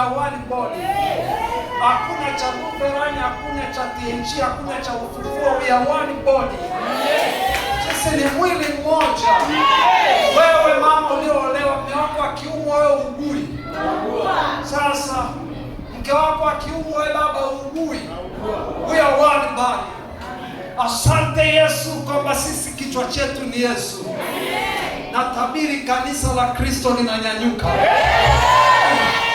ya one body. Hakuna cha Lutheran, hakuna cha TNG, hakuna cha ufufuo, we are one body. Sisi ni mwili mmoja. Wewe mama uliolewa, mke wako akiumwa, wewe ugui. Sasa mke wako akiumwa, wewe baba ugui. We are one body. Asante Yesu kwamba sisi kichwa chetu ni Yesu. Natabiri kanisa la Kristo linanyanyuka.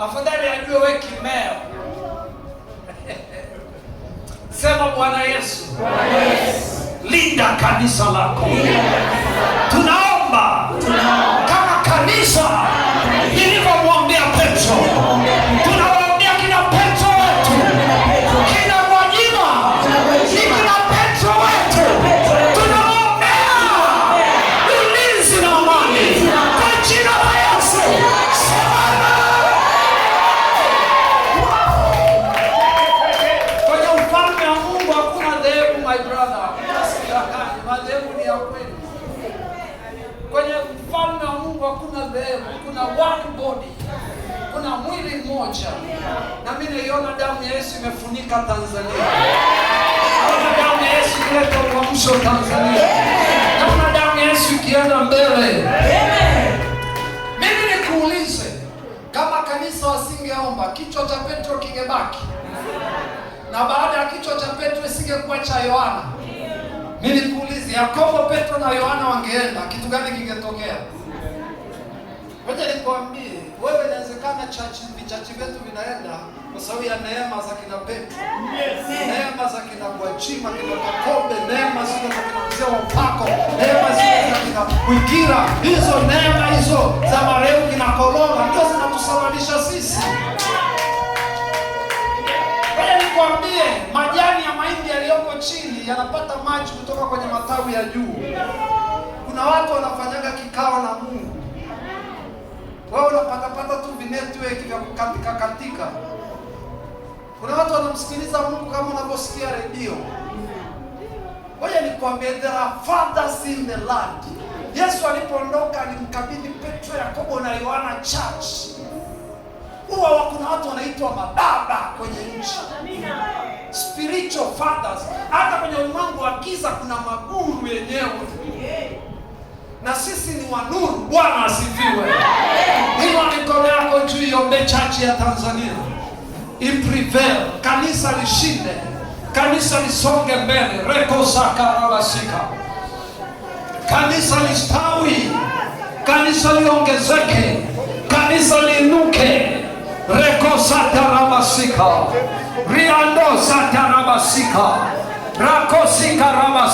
afadhali ajue we kimeo. Sema Bwana Yesu, linda kanisa lako, Tunaomba, tunaomba kama kanisa mfalme wa Mungu hakuna dhehebu, kuna one body, kuna mwili mmoja. Na mimi naiona damu ya Yesu imefunika Tanzania, naona damu ya Yesu ileta uamsho Tanzania, naona damu ya Yesu ikienda mbele. Mimi nikuulize, kama kanisa wasingeomba, kichwa cha Petro kingebaki, na baada ya kichwa cha Petro isingekuwa cha Yohana. Mimi nikuulize Yakobo Petro na Yohana wangeenda, kitu gani kingetokea? Ngoja nikwambie wewe, inawezekana chachi vichachi vyetu vinaenda kwa sababu ya neema za kina Petro. Yes. Neema za kina Gwajima, kina Kakombe, neema zile za kina mzee wa Upako, neema zile za kina Bwikira, hizo neema hizo za marehemu kina Kolonga ndio zinatusababisha sisi. Ngoja nikwambie majani ya mahindi yaliyoko chini yanapata maji kutoka kwenye ya juu. Kuna watu wanafanyaga kikao na Mungu, wewe unapatapata tu vinetweki vya kukatika katika. Kuna watu wanamsikiliza Mungu kama unavyosikia redio. Ngoja nikwambie, there are fathers in the land. Yesu alipoondoka alimkabidhi Petro, Yakobo na Yohana church. Huwa kuna watu wanaitwa mababa kwenye nchi, spiritual fathers ulimwengu wa giza kuna magumu yenyewe, na sisi ni wanuru. Bwana asifiwe. Inua mikono yako juu, iombe chachi ya Tanzania iprevail, kanisa lishinde, kanisa lisonge mbele, rekosakarabasika, kanisa listawi, kanisa liongezeke, kanisa liinuke, rekosatarabasika riando rakosika raba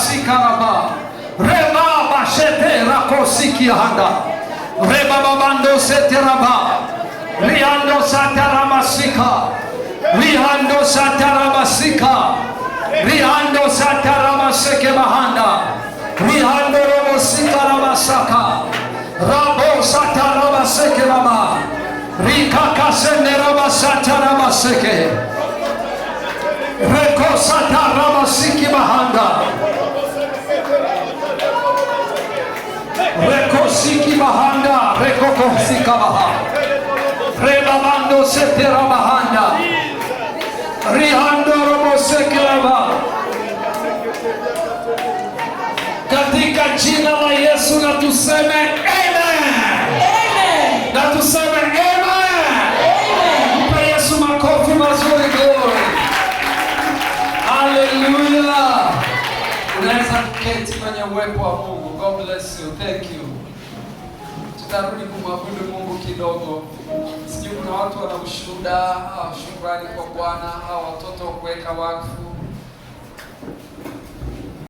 raba sete sata sata rihando rakosikarabasikaraba rebabashete rakosikiahanda rebababandoseteraba liandosatarabasika raba rikakasene lihandorobosikarabasaka rabosatarabasekeraba rikakasenderabasatarabasekee rekosataramasiki bahanda rekosiki bahanda rekokosika baha rihandoromosekeraba katika jina la kuketi kwenye uwepo wa Mungu. God bless you. Thank you. Tutarudi kumwabudu Mungu kidogo. Sijui kuna watu wana ushuhuda, shukrani kwa Bwana, hawa watoto wa kuweka wakfu